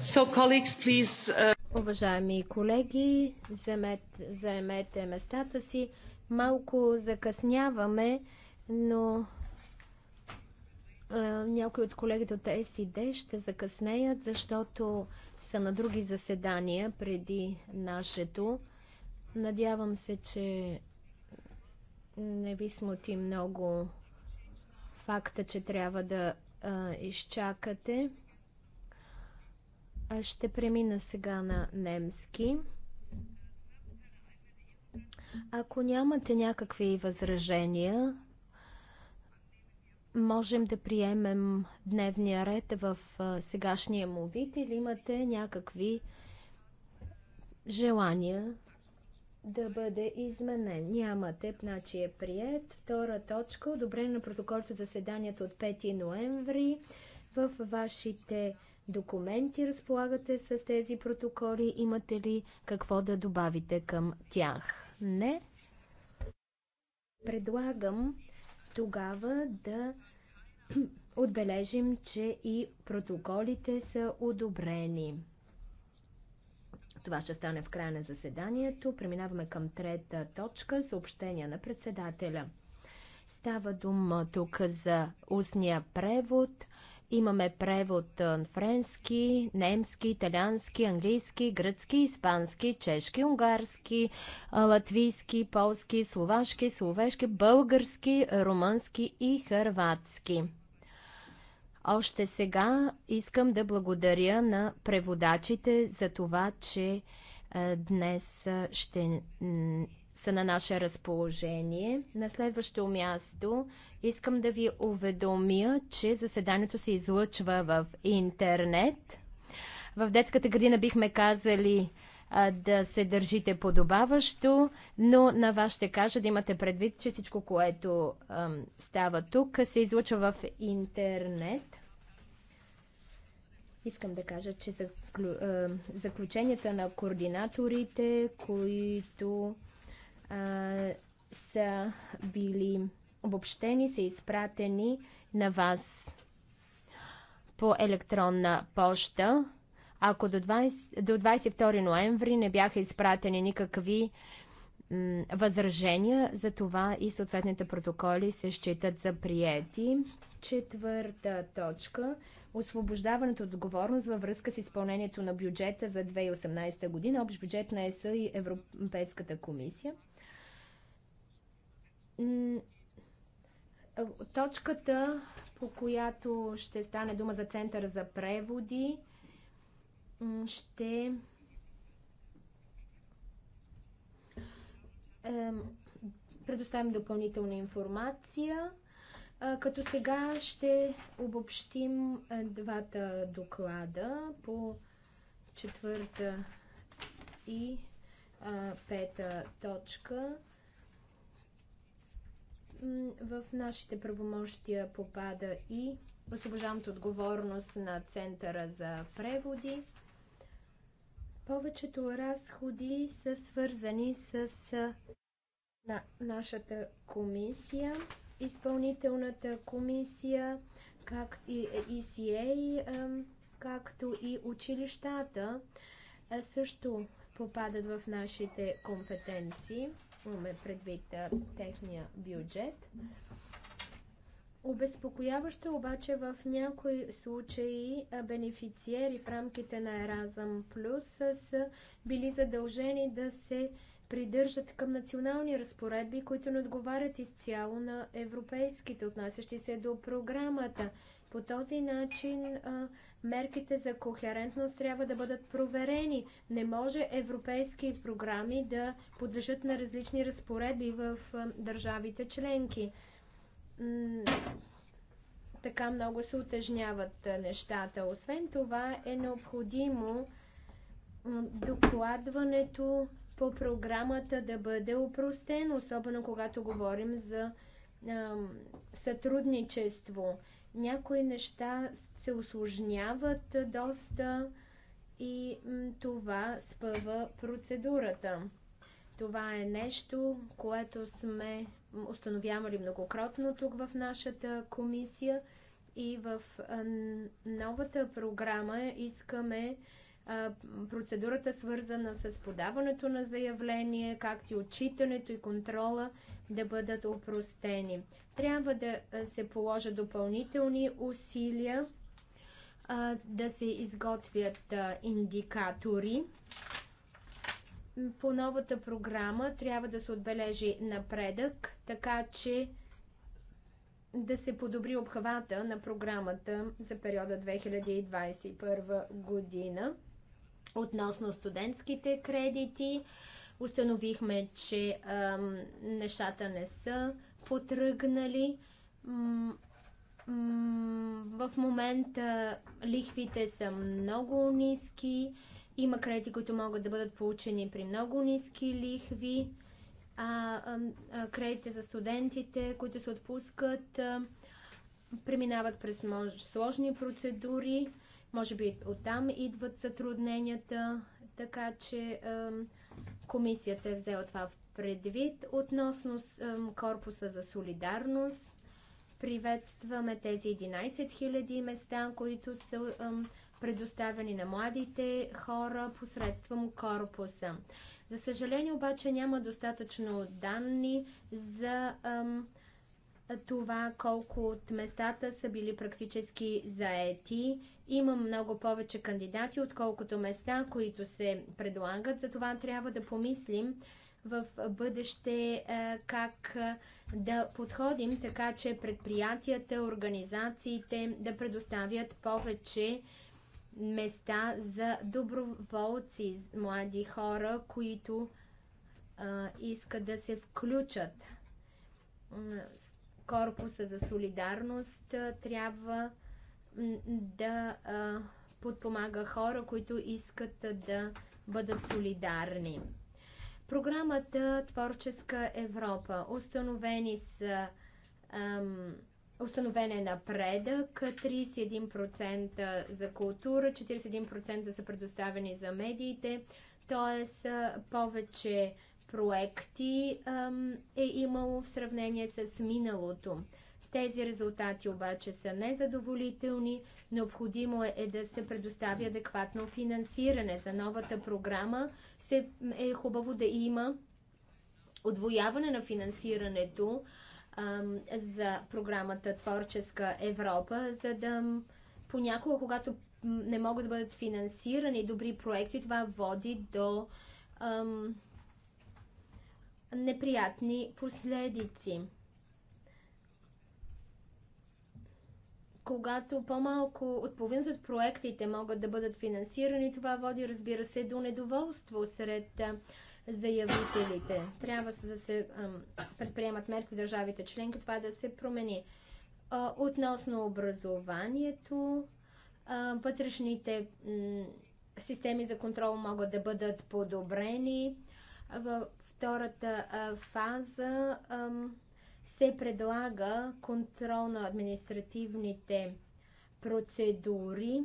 Uh, Уважаеми колеги, заемете, местата си. Малко закъсняваме, но някои от колегите от СИД ще закъснеят, защото са на други заседания преди нашето. Надявам се, че не ви смути много факта, че трябва да а, изчакате. Ще премина сега на немски. Ако нямате някакви възражения, можем да приемем дневния ред в сегашния му вид или имате някакви желания да бъде изменен. Нямате, значи е прият. Втора точка, одобрение на протоколите заседанието от 5 ноември в вашите документи разполагате с тези протоколи? Имате ли какво да добавите към тях? Не? Предлагам тогава да отбележим, че и протоколите са одобрени. Това ще стане в края на заседанието. Преминаваме към трета точка съобщения на председателя. Става дума тук за устния превод – Имаме превод френски, немски, италиански, английски, гръцки, испански, чешки, унгарски, латвийски, полски, словашки, словешки, български, румънски и хърватски. Още сега искам да благодаря на преводачите за това, че днес ще са на наше разположение. На следващо място искам да ви уведомя, че заседанието се излъчва в интернет. В детската градина бихме казали а, да се държите подобаващо, но на вас ще кажа да имате предвид, че всичко, което ам, става тук, се излъчва в интернет. Искам да кажа, че заключенията на координаторите, които са били обобщени, са изпратени на вас по електронна поща. Ако до, 20, до 22 ноември не бяха изпратени никакви м, възражения, за това и съответните протоколи се считат за приети. Четвърта точка освобождаването от отговорност във връзка с изпълнението на бюджета за 2018 година, общ бюджет на ЕС и Европейската комисия. Точката, по която ще стане дума за център за преводи, ще предоставим допълнителна информация, като сега ще обобщим е, двата доклада по четвърта и пета точка. В нашите правомощия попада и освобождаваната отговорност на Центъра за преводи. Повечето разходи са свързани с на нашата комисия, изпълнителната комисия, как и ECA, е, както и училищата също попадат в нашите компетенции имаме предвид а, техния бюджет. Обезпокояващо е обаче в някои случаи бенефициери в рамките на Еразъм Плюс са били задължени да се придържат към национални разпоредби, които не отговарят изцяло на европейските, отнасящи се до програмата. По този начин а, мерките за кохерентност трябва да бъдат проверени. Не може европейски програми да подлежат на различни разпоредби в а, държавите членки. М така много се утежняват нещата. Освен това е необходимо докладването по програмата да бъде упростен, особено когато говорим за а, сътрудничество. Някои неща се осложняват доста и това спъва процедурата. Това е нещо, което сме установявали многократно тук в нашата комисия и в новата програма искаме процедурата свързана с подаването на заявление, както и отчитането и контрола да бъдат опростени. Трябва да се положат допълнителни усилия да се изготвят индикатори. По новата програма трябва да се отбележи напредък, така че да се подобри обхвата на програмата за периода 2021 година. Относно студентските кредити, установихме, че нещата не са потръгнали. В момента лихвите са много ниски. Има кредити, които могат да бъдат получени при много ниски лихви. А, а, кредите за студентите, които се отпускат, а, преминават през сложни процедури. Може би оттам идват затрудненията, така че комисията е взела това в предвид. Относно корпуса за солидарност, приветстваме тези 11 000 места, които са предоставени на младите хора посредством корпуса. За съжаление обаче няма достатъчно данни за това колко от местата са били практически заети има много повече кандидати, отколкото места, които се предлагат. Затова трябва да помислим в бъдеще е, как е, да подходим така, че предприятията, организациите да предоставят повече места за доброволци, млади хора, които а, е, искат да се включат. Корпуса за солидарност трябва да а, подпомага хора, които искат да бъдат солидарни. Програмата Творческа Европа. Установени са ам, Установен е напредък, 31% за култура, 41% са предоставени за медиите, т.е. повече проекти ам, е имало в сравнение с миналото. Тези резултати обаче са незадоволителни. Необходимо е, е да се предостави адекватно финансиране. За новата програма се, е хубаво да има отвояване на финансирането ам, за програмата Творческа Европа, за да понякога, когато не могат да бъдат финансирани добри проекти, това води до ам, неприятни последици. когато по-малко от половината от проектите могат да бъдат финансирани, това води, разбира се, до недоволство сред заявителите. Трябва да се предприемат мерки в държавите членки, това да се промени. Относно образованието, вътрешните системи за контрол могат да бъдат подобрени. Във втората фаза се предлага контрол на административните процедури.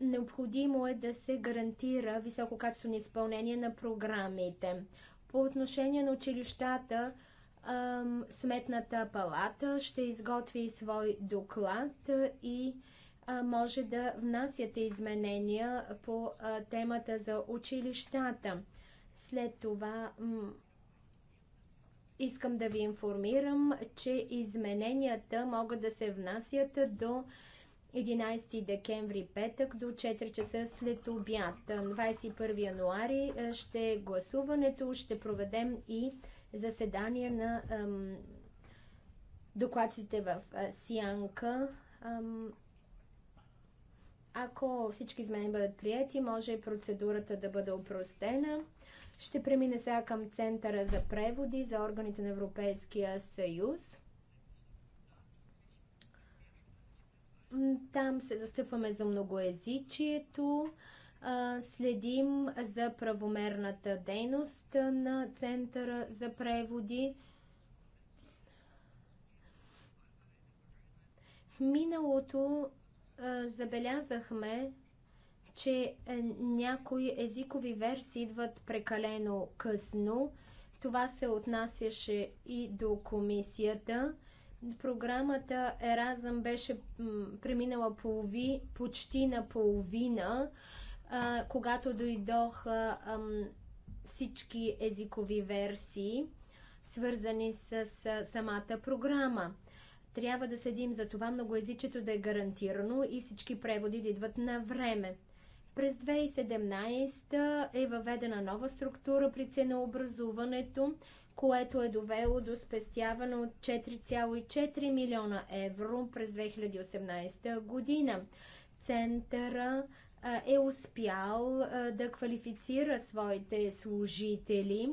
Необходимо е да се гарантира високо качество на изпълнение на програмите. По отношение на училищата, Сметната палата ще изготви свой доклад и може да внасяте изменения по темата за училищата. След това Искам да ви информирам, че измененията могат да се внасят до 11 декември петък до 4 часа след обяд. 21 януари е, ще е гласуването, ще проведем и заседание на ам, докладците в е, Сянка. Ам, ако всички измени бъдат прияти, може процедурата да бъде опростена. Ще премине сега към Центъра за преводи за органите на Европейския съюз. Там се застъпваме за многоязичието, следим за правомерната дейност на Центъра за преводи. В миналото забелязахме, че е, някои езикови версии идват прекалено късно. Това се отнасяше и до комисията. Програмата Еразъм беше преминала полови, почти наполовина, а, когато дойдоха всички езикови версии, свързани с самата програма. Трябва да седим за това многоязичието да е гарантирано и всички преводи да идват на време. През 2017 е въведена нова структура при ценообразуването, което е довело до спестяване от 4,4 милиона евро през 2018 година. Центъра е успял да квалифицира своите служители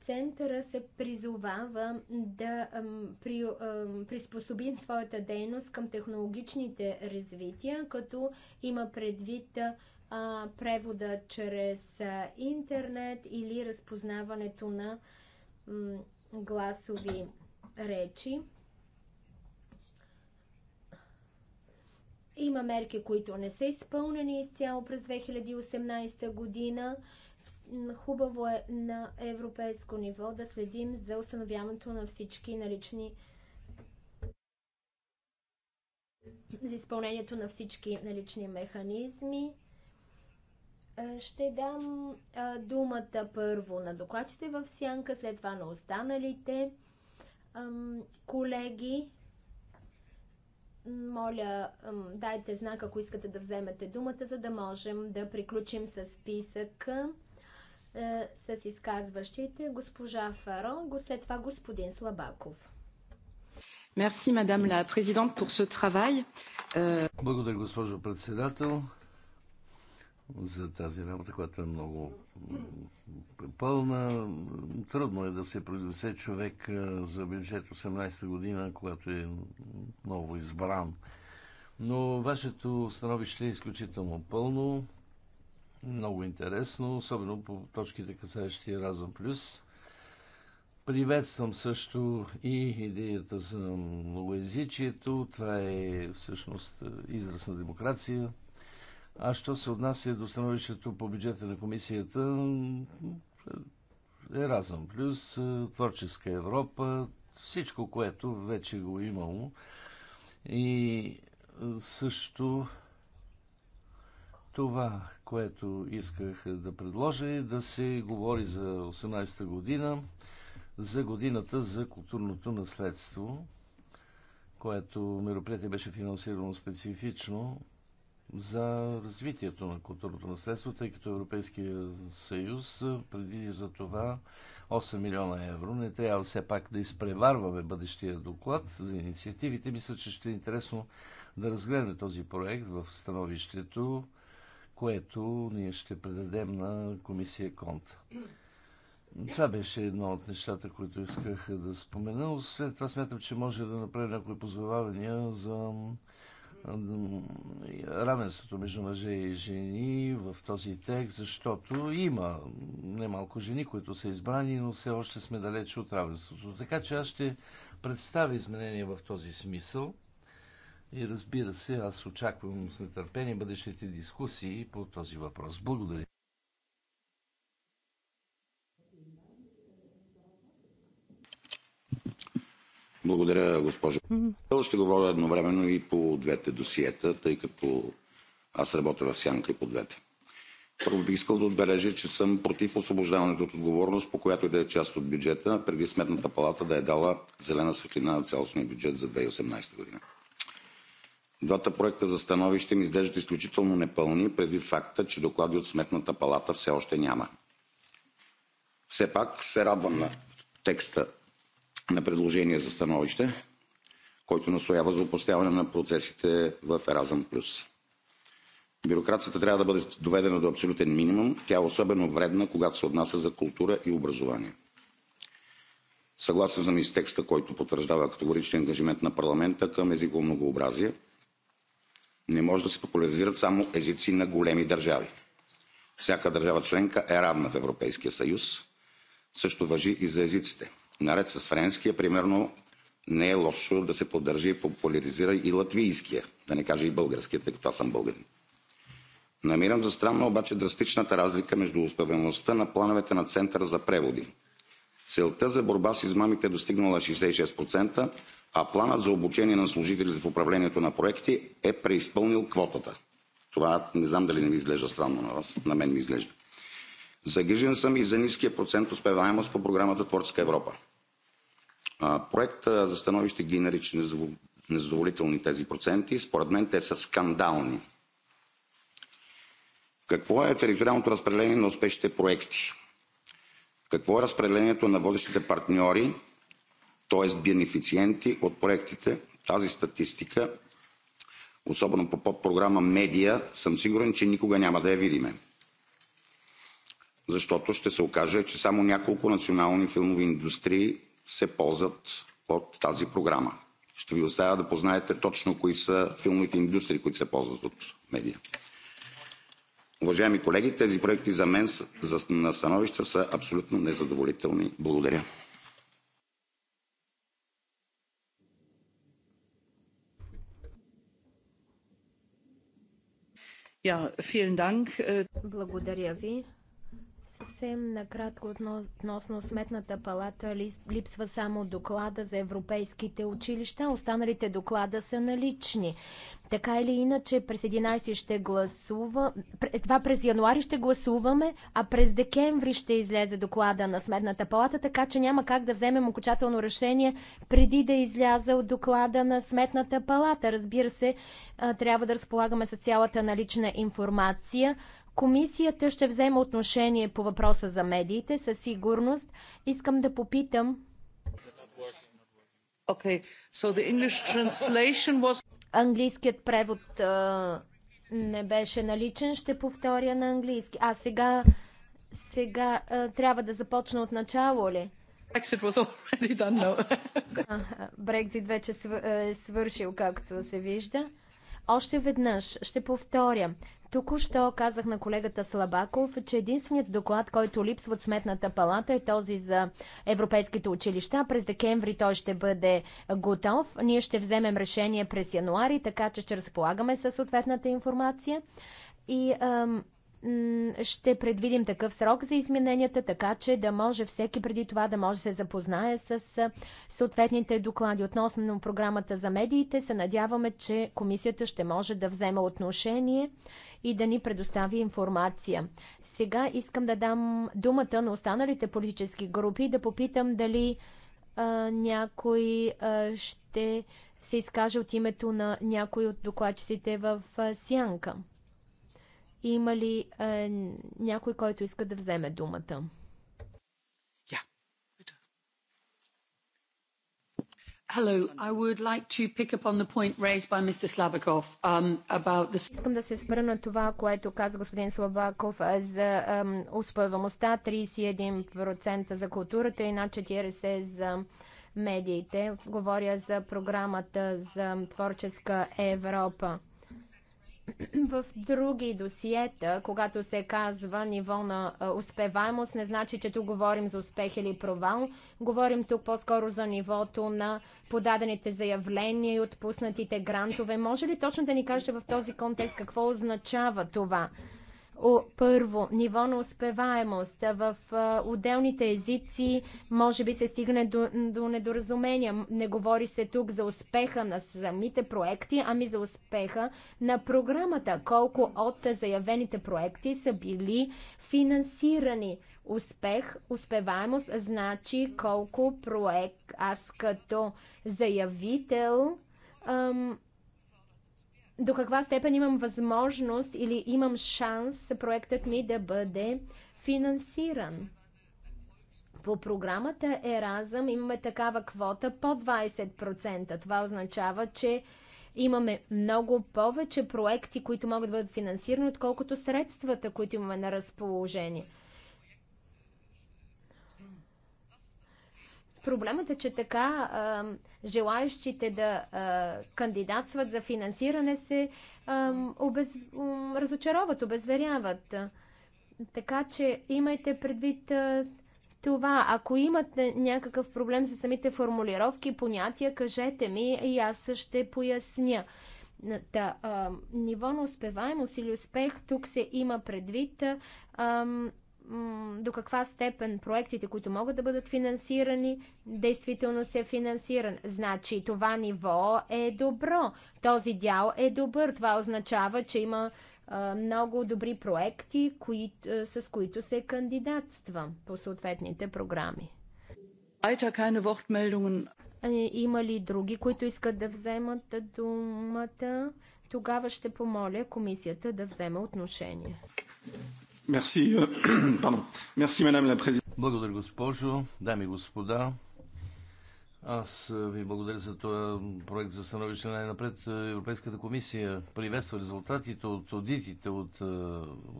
Центъра се призовава да при, приспособи своята дейност към технологичните развития, като има предвид превода чрез интернет или разпознаването на гласови речи. Има мерки, които не са изпълнени изцяло през 2018 година. Хубаво е на европейско ниво да следим за установяването на всички налични за изпълнението на всички налични механизми. Е, ще дам е, думата първо на докладчите в сянка, след това на останалите колеги. Моля, дайте знак, ако искате да вземете думата, за да можем да приключим с списъка. Е, с изказващите госпожа Фаронго, след това господин Слабаков. Мерси, мадам la présidente, pour ce travail. Е, Благодаря, госпожо председател, за тази работа, която е много пълна. Трудно е да се произнесе човек е, за бюджет 18 година, когато е ново избран. Но вашето становище е изключително пълно много интересно, особено по точките касаещи Разъм Плюс. Приветствам също и идеята за многоязичието. Това е всъщност е, израз на демокрация. А що се отнася до становището по бюджета на комисията, е Разъм Плюс, е, Творческа Европа, всичко, което вече го имало. И е, също това, което исках да предложа е да се говори за 18-та година, за годината за културното наследство, което мероприятие беше финансирано специфично за развитието на културното наследство, тъй като Европейския съюз предвиди за това 8 милиона евро. Не трябва все пак да изпреварваме бъдещия доклад за инициативите. Мисля, че ще е интересно да разгледаме този проект в становището което ние ще предадем на комисия Конт. Това беше едно от нещата, които исках да спомена. Освен това смятам, че може да направя някои позовавания за равенството между мъже и жени в този текст, защото има немалко жени, които са избрани, но все още сме далече от равенството. Така че аз ще представя изменения в този смисъл и разбира се, аз очаквам с нетърпение бъдещите дискусии по този въпрос. Благодаря. Благодаря, госпожо. Ще говоря едновременно и по двете досиета, тъй като аз работя в сянка и по двете. Първо бих искал да отбележа, че съм против освобождаването от отговорност, по която и да е част от бюджета, преди Сметната палата да е дала зелена светлина на цялостния бюджет за 2018 година. Двата проекта за становище ми изглеждат изключително непълни, предвид факта, че доклади от Сметната палата все още няма. Все пак се радвам на текста на предложение за становище, който настоява за упростяване на процесите в Еразъм Плюс. Бюрокрацията трябва да бъде доведена до абсолютен минимум. Тя е особено вредна, когато се отнася за култура и образование. Съгласен съм и с текста, който потвърждава категоричния ангажимент на парламента към езиково многообразие – не може да се популяризират само езици на големи държави. Всяка държава членка е равна в Европейския съюз. Също въжи и за езиците. Наред с френския, примерно, не е лошо да се поддържи и популяризира и латвийския, да не кажа и българския, тъй като аз съм българин. Намирам за странно обаче драстичната разлика между успеваемостта на плановете на Център за преводи Целта за борба с измамите е достигнала 66%, а планът за обучение на служителите в управлението на проекти е преизпълнил квотата. Това не знам дали не ви изглежда странно на вас, на мен ми изглежда. Загрижен съм и за ниския процент успеваемост по програмата Творческа Европа. Проект за становище ги нарича незадоволителни тези проценти. Според мен те са скандални. Какво е териториалното разпределение на успешните проекти? Какво е разпределението на водещите партньори, т.е. бенефициенти от проектите? Тази статистика, особено по подпрограма Медия, съм сигурен, че никога няма да я видиме. Защото ще се окаже, че само няколко национални филмови индустрии се ползват от тази програма. Ще ви оставя да познаете точно кои са филмовите индустрии, които се ползват от медия. Уважаеми колеги, тези проекти за мен на становища са абсолютно незадоволителни. Благодаря. Äh, Благодаря ви. Съвсем накратко относно Сметната палата липсва само доклада за европейските училища. Останалите доклада са налични. Така или иначе, през 11 ще гласува, това през януари ще гласуваме, а през декември ще излезе доклада на Сметната палата, така че няма как да вземем окончателно решение преди да е изляза от доклада на Сметната палата. Разбира се, трябва да разполагаме с цялата налична информация. Комисията ще взема отношение по въпроса за медиите със сигурност. Искам да попитам. Okay. So the English translation was... Английският превод а, не беше наличен. Ще повторя на английски. А сега, сега а, трябва да започна от начало ли? Brexit was already done Брекзит вече е свършил, както се вижда. Още веднъж ще повторя. Току-що казах на колегата Слабаков, че единственият доклад, който липсва от Сметната палата е този за европейските училища. През декември той ще бъде готов. Ние ще вземем решение през януари, така че ще разполагаме със съответната информация. И ам, ще предвидим такъв срок за измененията, така че да може всеки преди това да може да се запознае с съответните доклади. Относно програмата за медиите се надяваме, че комисията ще може да взема отношение и да ни предостави информация. Сега искам да дам думата на останалите политически групи да попитам дали а, някой а, ще се изкаже от името на някой от докладчиците в а, Сянка. Има ли е, някой, който иска да вземе думата? Hello, I would like to pick up on the point raised by Mr. Slabakov um, about the... Искам да се спра на това, което каза господин Слабаков е, за um, успеваемостта 31% за културата и над 40% за медиите. Говоря за програмата за творческа Европа в други досиета, когато се казва ниво на успеваемост, не значи, че тук говорим за успех или провал. Говорим тук по-скоро за нивото на подадените заявления и отпуснатите грантове. Може ли точно да ни кажете в този контекст какво означава това? първо ниво на успеваемост. В отделните езици може би се стигне до, до недоразумения. Не говори се тук за успеха на самите проекти, ами за успеха на програмата. Колко от заявените проекти са били финансирани. Успех, успеваемост значи колко проект аз като заявител ам, до каква степен имам възможност или имам шанс проектът ми да бъде финансиран. По програмата Еразъм имаме такава квота по 20%. Това означава, че имаме много повече проекти, които могат да бъдат финансирани, отколкото средствата, които имаме на разположение. Проблемът е, че така а, желаящите да а, кандидатстват за финансиране се а, обез... разочароват, обезверяват. Така че имайте предвид а, това. Ако имате някакъв проблем с самите формулировки, понятия, кажете ми и аз ще поясня. Та, а, ниво на успеваемост или успех тук се има предвид. А, до каква степен проектите, които могат да бъдат финансирани, действително се финансиран. Значи това ниво е добро, този дял е добър. Това означава, че има много добри проекти, кои, с които се кандидатства по съответните програми. Има ли други, които искат да вземат думата? Тогава ще помоля комисията да вземе отношение. Euh, благодаря, госпожо. Дами и господа, аз ви благодаря за този проект за становище най-напред. Европейската комисия приветства резултатите от аудитите от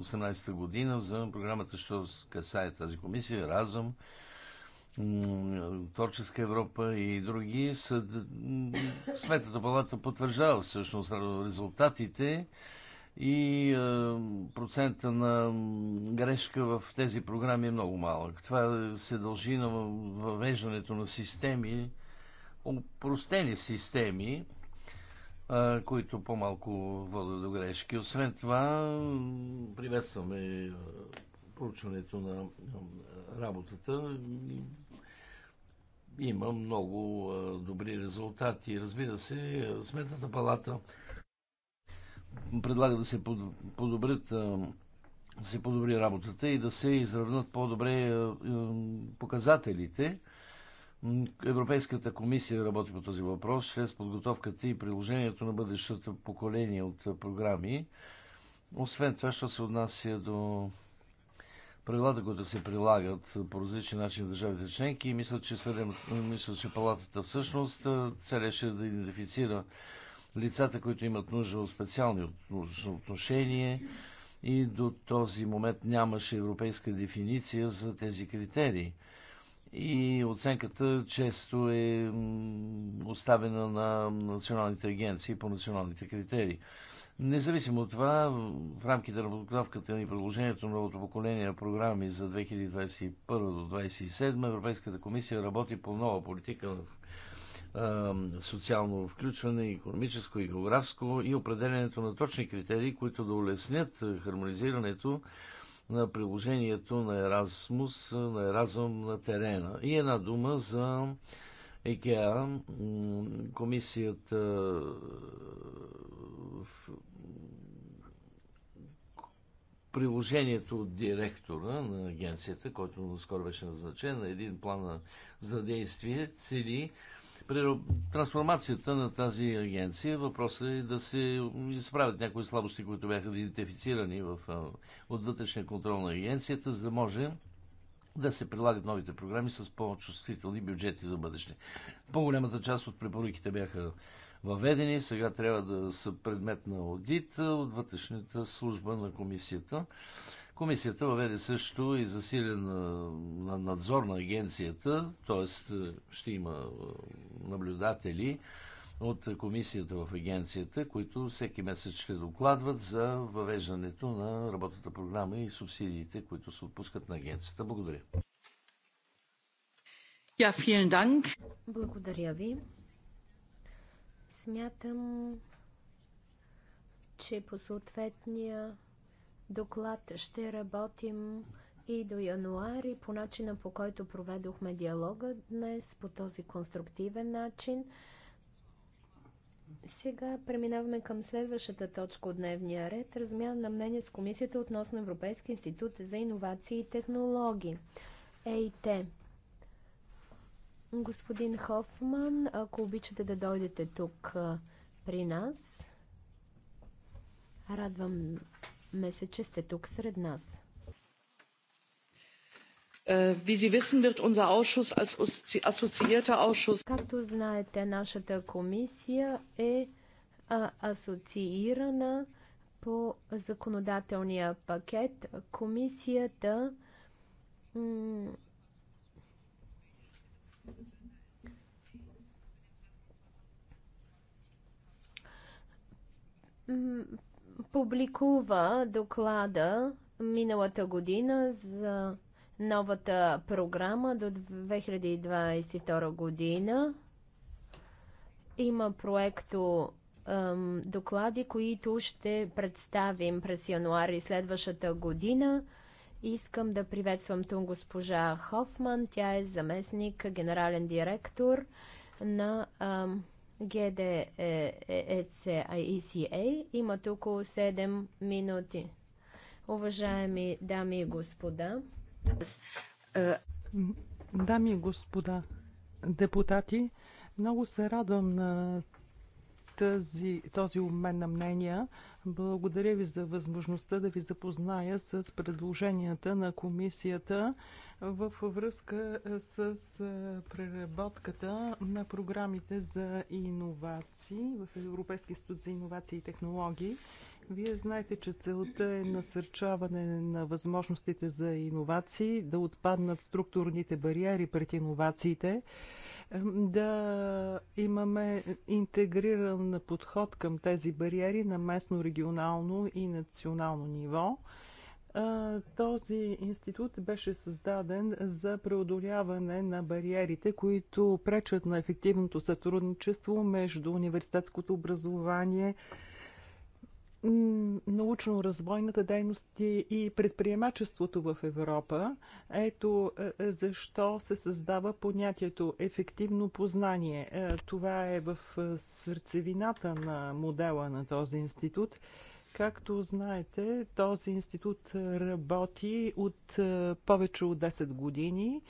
18-та година за програмата, що касае тази комисия, Разъм, Творческа Европа и други. Съд... Сметната палата потвърждава всъщност резултатите и е, процента на грешка в тези програми е много малък. Това се дължи на въвеждането на системи, упростени системи, е, които по-малко водят до грешки. Освен това, приветстваме е, проучването на работата. Има много добри резултати. Разбира се, Сметната палата предлага да се подобрят да се подобри работата и да се изравнат по-добре показателите. Европейската комисия работи по този въпрос чрез подготовката и приложението на бъдещата поколение от програми. Освен това, що се отнася до правилата, които се прилагат по различен начин в държавите членки, мисля, че, съдем, мисля, че палатата всъщност целеше да идентифицира лицата, които имат нужда от специални отношения и до този момент нямаше европейска дефиниция за тези критерии. И оценката често е оставена на националните агенции по националните критерии. Независимо от това, в рамките на подготовката и предложението на новото поколение програми за 2021 до 2027, Европейската комисия работи по нова политика социално включване, економическо и географско и определенето на точни критерии, които да улеснят хармонизирането на приложението на Еразмус, на Еразъм на терена. И една дума за ЕКА, комисията в приложението от директора на агенцията, който наскоро беше назначен на един план за действие, цели при трансформацията на тази агенция въпросът е да се изправят някои слабости, които бяха идентифицирани в, от вътрешния контрол на агенцията, за да може да се прилагат новите програми с по-чувствителни бюджети за бъдеще. По-голямата част от препоръките бяха въведени, сега трябва да са предмет на аудит от вътрешната служба на комисията. Комисията въведе също и засилен надзор на агенцията, т.е. ще има наблюдатели от комисията в агенцията, които всеки месец ще докладват за въвеждането на работната програма и субсидиите, които се отпускат на агенцията. Благодаря. Ja, vielen Dank. Благодаря ви. Смятам, че по съответния доклад ще работим и до януари по начина по който проведохме диалога днес, по този конструктивен начин. Сега преминаваме към следващата точка от дневния ред. Размяна на мнение с комисията относно Европейски институт за иновации и технологии. ЕИТ. Господин Хофман, ако обичате да дойдете тук при нас, радвам се, че сте тук сред нас. Е, Както знаете, нашата комисия е асоциирана по законодателния пакет. Комисията публикува доклада миналата година за новата програма до 2022 година. Има проекто ем, доклади, които ще представим през януари следващата година. Искам да приветствам тук госпожа Хофман. Тя е заместник генерален директор на ем, ГД е, е, е, имате около 7 минути. Уважаеми дами и господа, дами и господа депутати, много се радвам на тази, този обмен на мнения. Благодаря ви за възможността да ви запозная с предложенията на комисията във връзка с преработката на програмите за иновации в Европейски институт за иновации и технологии. Вие знаете, че целта е насърчаване на възможностите за иновации, да отпаднат структурните бариери пред иновациите да имаме интегриран подход към тези бариери на местно, регионално и национално ниво. Е, този институт беше създаден за преодоляване на бариерите, които пречат на ефективното сътрудничество между университетското образование, научно-развойната дейност и предприемачеството в Европа. Ето е, е, защо се създава понятието ефективно познание. Е, това е в сърцевината на модела на този институт. Както знаете, този институт работи от повече от 10 години.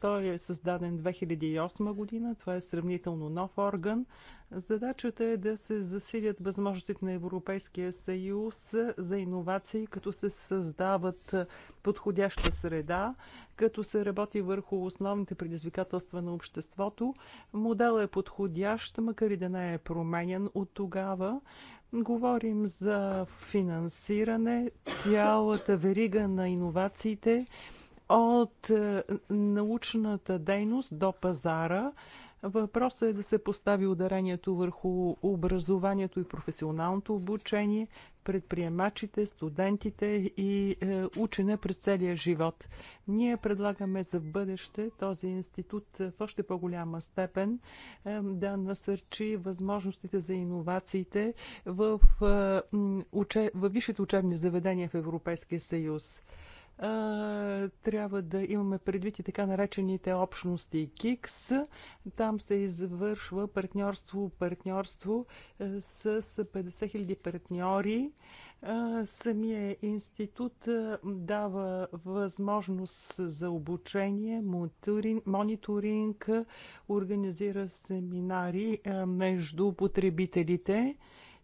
Той е създаден 2008 година. Това е сравнително нов орган. Задачата е да се засилят възможностите на Европейския съюз за иновации, като се създават подходяща среда, като се работи върху основните предизвикателства на обществото. Моделът е подходящ, макар и да не е променен от тогава. Говорим за финансиране, цялата верига на иновациите, от е, научната дейност до пазара. Въпросът е да се постави ударението върху образованието и професионалното обучение, предприемачите, студентите и е, учене през целия живот. Ние предлагаме за бъдеще този институт в още по-голяма степен е, да насърчи възможностите за иновациите в, в висшите учебни заведения в Европейския съюз трябва да имаме предвид и така наречените общности КИКС. Там се извършва партньорство-партньорство с 50 000 партньори. Самия институт дава възможност за обучение, мониторинг, организира семинари между потребителите.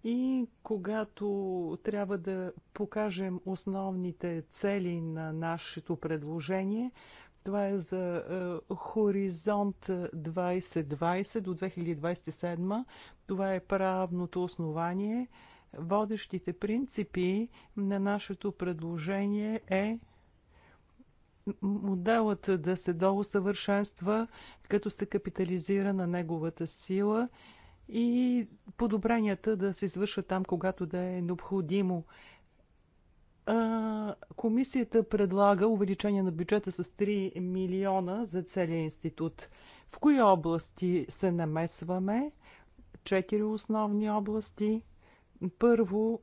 И когато трябва да покажем основните цели на нашето предложение, това е за е, хоризонт 2020 до 2027. Това е правното основание. Водещите принципи на нашето предложение е моделът да се доусъвършенства, като се капитализира на неговата сила – и подобренията да се извършат там, когато да е необходимо. Комисията предлага увеличение на бюджета с 3 милиона за целия институт. В кои области се намесваме? Четири основни области. Първо,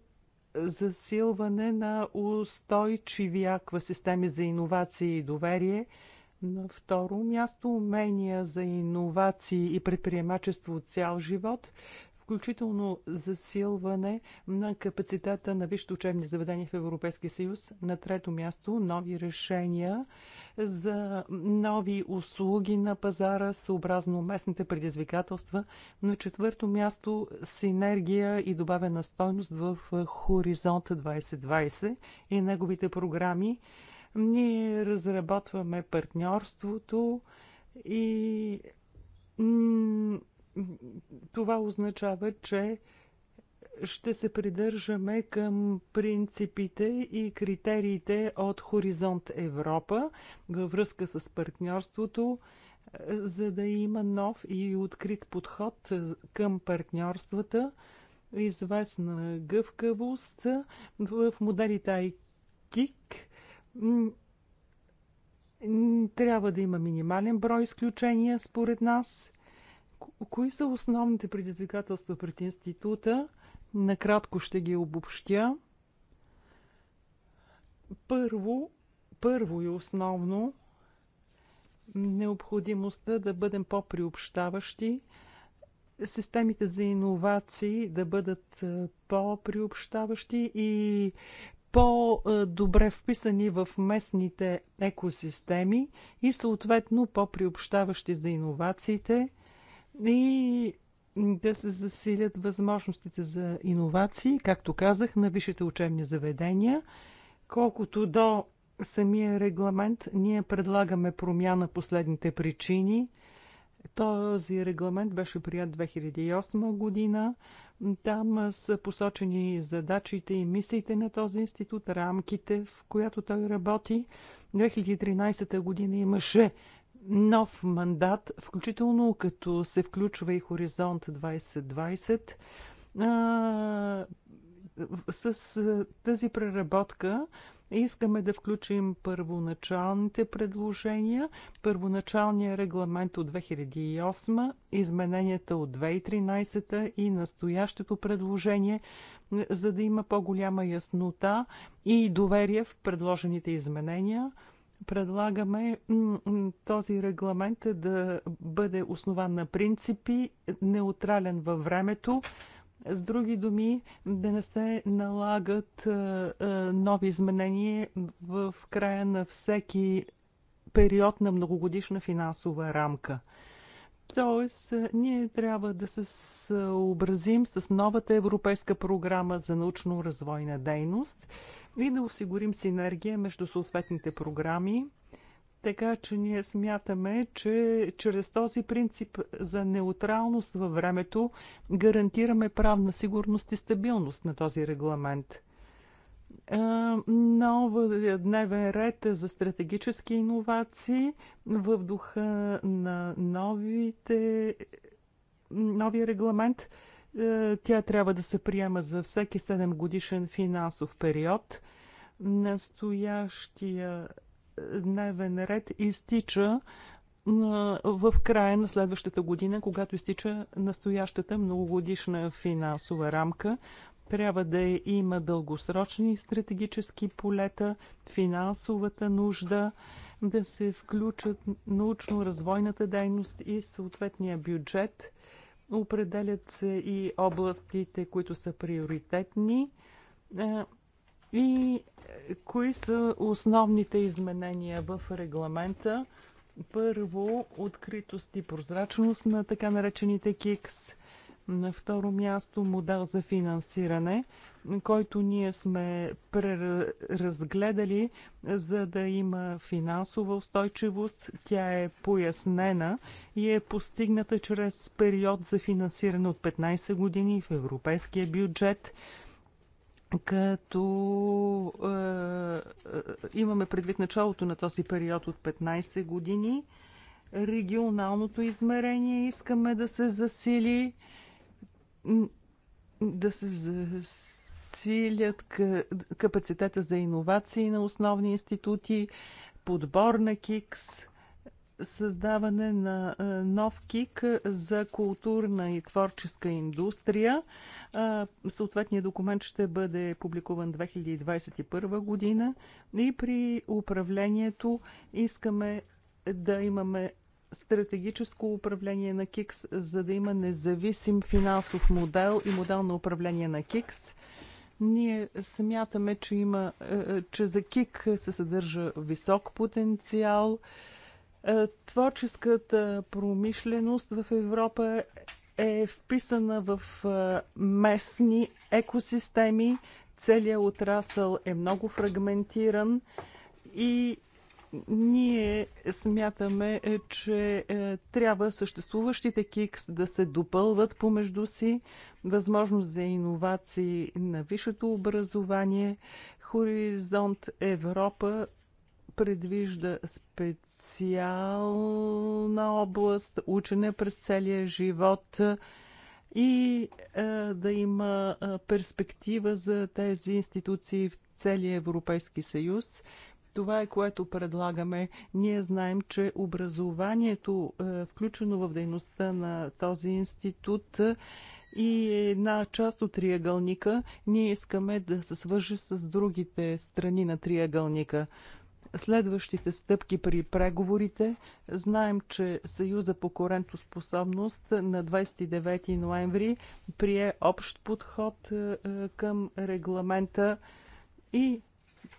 засилване на устойчиви аква системи за иновации и доверие – на второ място умения за иновации и предприемачество цял живот, включително засилване на капацитета на висшите учебни заведения в Европейския съюз. На трето място нови решения за нови услуги на пазара, съобразно местните предизвикателства. На четвърто място синергия и добавена стойност в Хоризонт 2020 и неговите програми ние разработваме партньорството и това означава, че ще се придържаме към принципите и критериите от Хоризонт Европа във връзка с партньорството, за да има нов и открит подход към партньорствата, известна гъвкавост в моделите IKIC трябва да има минимален брой изключения, според нас. Кои са основните предизвикателства пред института? Накратко ще ги обобщя. Първо, първо и основно, необходимостта да бъдем по-приобщаващи, системите за иновации да бъдат по-приобщаващи и по-добре вписани в местните екосистеми и съответно по-приобщаващи за иновациите и да се засилят възможностите за иновации, както казах, на висшите учебни заведения. Колкото до самия регламент, ние предлагаме промяна последните причини. Този регламент беше прият 2008 година. Там са посочени задачите и мисиите на този институт, рамките, в която той работи. 2013 година имаше нов мандат, включително като се включва и Хоризонт 2020. А, с тази преработка Искаме да включим първоначалните предложения, първоначалния регламент от 2008, измененията от 2013 и настоящето предложение, за да има по-голяма яснота и доверие в предложените изменения предлагаме този регламент да бъде основан на принципи, неутрален във времето, с други думи, да не се налагат е, е, нови изменения в края на всеки период на многогодишна финансова рамка. Тоест, е, ние трябва да се съобразим с новата европейска програма за научно-развойна дейност и да осигурим синергия между съответните програми – така че ние смятаме, че чрез този принцип за неутралност във времето гарантираме правна сигурност и стабилност на този регламент. Е, Нова дневен ред за стратегически иновации в духа на новите, новия регламент. Е, тя трябва да се приема за всеки 7 годишен финансов период. Настоящия дневен ред изтича в края на следващата година, когато изтича настоящата многогодишна финансова рамка. Трябва да има дългосрочни стратегически полета, финансовата нужда, да се включат научно-развойната дейност и съответния бюджет. Определят се и областите, които са приоритетни и е, кои са основните изменения в регламента? Първо, откритост и прозрачност на така наречените КИКС. На второ място модел за финансиране, който ние сме преразгледали, за да има финансова устойчивост. Тя е пояснена и е постигната чрез период за финансиране от 15 години в европейския бюджет – като е, е, имаме предвид началото на този период от 15 години. Регионалното измерение искаме да се засили, да се засилят капацитета за иновации на основни институти, подбор на КИКС – създаване на нов кик за културна и творческа индустрия. Съответният документ ще бъде публикуван 2021 година и при управлението искаме да имаме стратегическо управление на КИКС, за да има независим финансов модел и модел на управление на КИКС. Ние смятаме, че, има, че за КИК се съдържа висок потенциал, е, творческата промишленост в Европа е вписана в е, местни екосистеми. Целият отрасъл е много фрагментиран и ние смятаме, е, че трябва съществуващите кикс да се допълват помежду си, възможност за иновации на висшето образование, Хоризонт Европа предвижда специална област учене през целия живот и е, да има е, перспектива за тези институции в целия Европейски съюз. Това е което предлагаме. Ние знаем, че образованието, е, включено в дейността на този институт, е, и е една част от триъгълника ние искаме да се свържи с другите страни на триъгълника следващите стъпки при преговорите. Знаем, че Съюза по корентоспособност на 29 ноември прие общ подход е, към регламента и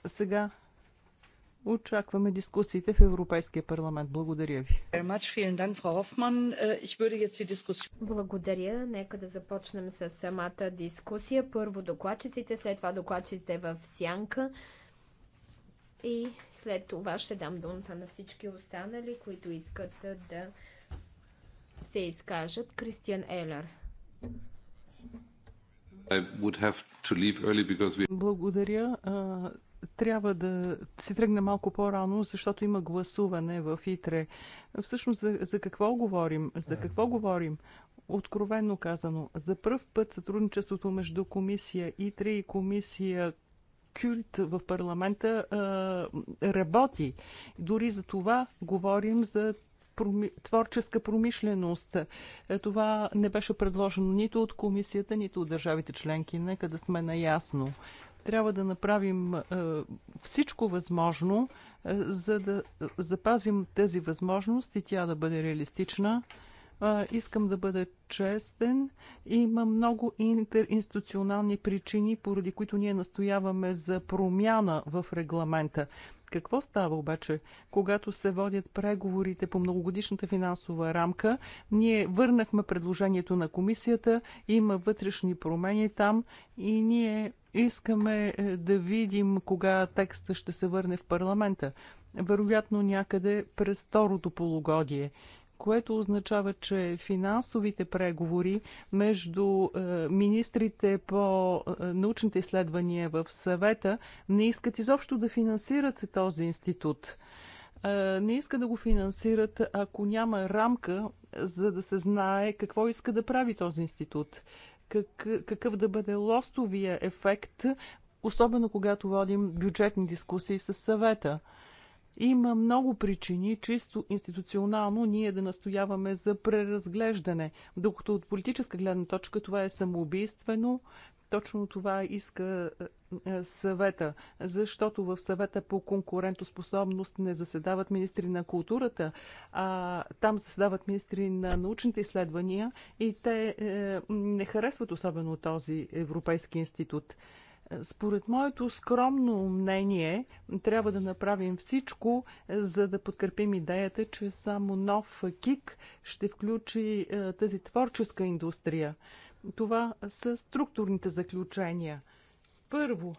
сега Очакваме дискусиите в Европейския парламент. Благодаря ви. Äh, Благодаря. Нека да започнем с самата дискусия. Първо докладчиците, след това докладчиците в сянка. И след това ще дам думата на всички останали, които искат да се изкажат. Кристиан Елер. We... Благодаря. Трябва да си тръгне малко по-рано, защото има гласуване в ИТРЕ. Всъщност, за, за какво говорим? За какво говорим? Откровенно казано, за първ път сътрудничеството между комисия ИТРЕ и комисия культ в парламента работи. Дори за това говорим за творческа промишленост. Е, това не беше предложено нито от комисията, нито от държавите членки. Нека да сме наясно. Трябва да направим е, всичко възможно, е, за да запазим тези възможности. тя да бъде реалистична. Искам да бъда честен. Има много интеринституционални причини, поради които ние настояваме за промяна в регламента. Какво става обаче, когато се водят преговорите по многогодишната финансова рамка? Ние върнахме предложението на комисията, има вътрешни промени там и ние искаме е, да видим кога текста ще се върне в парламента. Вероятно някъде през второто полугодие което означава, че финансовите преговори между е, министрите по е, научните изследвания в съвета не искат изобщо да финансират този институт. Е, не иска да го финансират, ако няма рамка, за да се знае какво иска да прави този институт. Как, какъв да бъде лостовия ефект, особено когато водим бюджетни дискусии с съвета. Има много причини, чисто институционално, ние да настояваме за преразглеждане, докато от политическа гледна точка това е самоубийствено. Точно това иска е, е, съвета, защото в съвета по конкурентоспособност не заседават министри на културата, а там заседават министри на научните изследвания и те е, не харесват особено този Европейски институт. Според моето скромно мнение, трябва да направим всичко, за да подкрепим идеята, че само нов КИК ще включи е, тази творческа индустрия. Това са структурните заключения. Първо,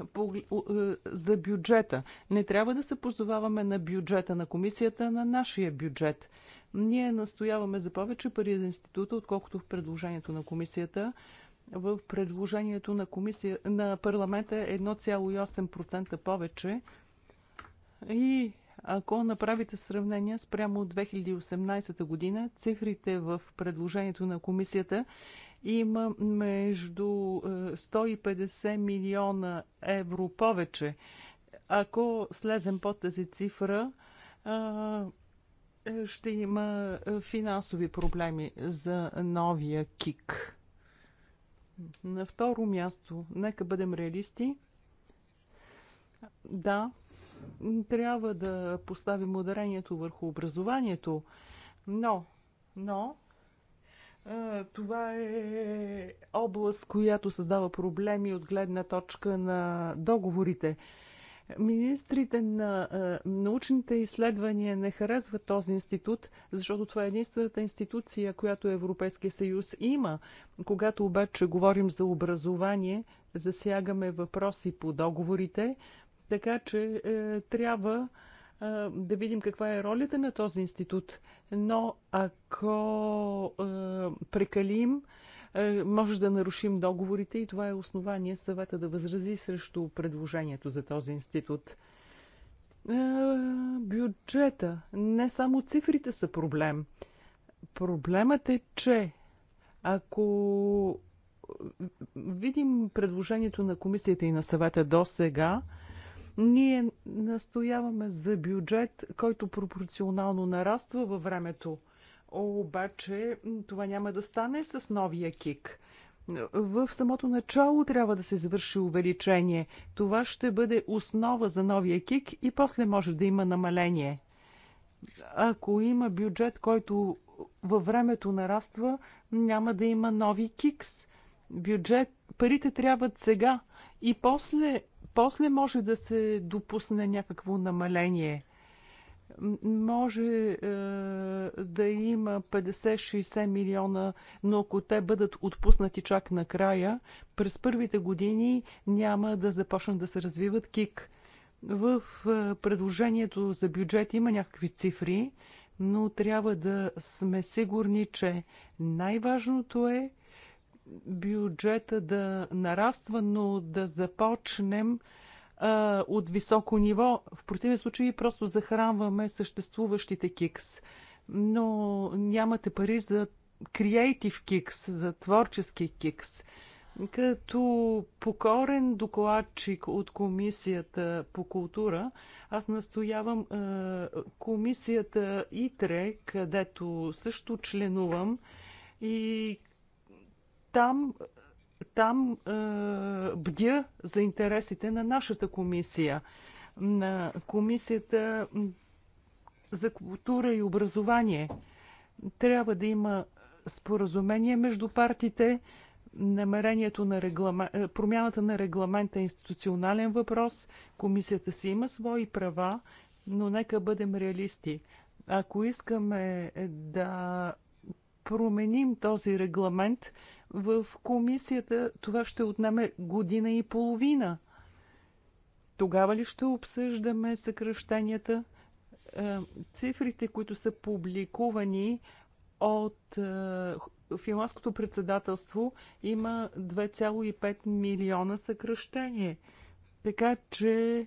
е, за бюджета. Не трябва да се позоваваме на бюджета на комисията, на нашия бюджет. Ние настояваме за повече пари за института, отколкото в предложението на комисията в предложението на, комисия, на парламента 1,8% е повече. И ако направите сравнение спрямо 2018 година, цифрите в предложението на комисията има между 150 е, милиона евро повече. Ако слезем под тази цифра, е, ще има финансови проблеми за новия КИК. На второ място, нека бъдем реалисти. Да, трябва да поставим ударението върху образованието, но, но това е област, която създава проблеми от гледна точка на договорите. Министрите на научните изследвания не харесват този институт, защото това е единствената институция, която Европейския съюз има. Когато обаче говорим за образование, засягаме въпроси по договорите, така че е, трябва е, да видим каква е ролята на този институт. Но ако е, прекалим, е, е, може да нарушим договорите и това е основание съвета да възрази срещу предложението за този институт. Е, бюджета, не само цифрите са проблем. Проблемът е, че ако видим предложението на комисията и на съвета до сега, ние настояваме за бюджет, който пропорционално нараства във времето – обаче това няма да стане с новия кик. В самото начало трябва да се завърши увеличение. Това ще бъде основа за новия кик и после може да има намаление. Ако има бюджет, който във времето нараства, няма да има нови кикс. Бюджет, парите трябват сега и после, после може да се допусне някакво намаление може е, да има 50-60 милиона, но ако те бъдат отпуснати чак накрая, през първите години няма да започнат да се развиват КИК. В е, предложението за бюджет има някакви цифри, но трябва да сме сигурни, че най-важното е бюджета да нараства, но да започнем а, от високо ниво. В противен случай просто захранваме съществуващите кикс. Но нямате пари за креатив кикс, за творчески кикс. Като покорен докладчик от Комисията по култура, аз настоявам е, Комисията ИТРЕ, където също членувам и там там е, бдя за интересите на нашата комисия, на комисията за култура и образование. Трябва да има споразумение между партиите. Намерението на реглама... Е, промяната на регламента е институционален въпрос. Комисията си има свои права, но нека бъдем реалисти. Ако искаме да променим този регламент, в комисията това ще отнеме година и половина. Тогава ли ще обсъждаме съкръщенията? Е, цифрите, които са публикувани от е, финландското председателство, има 2,5 милиона съкръщение. Така че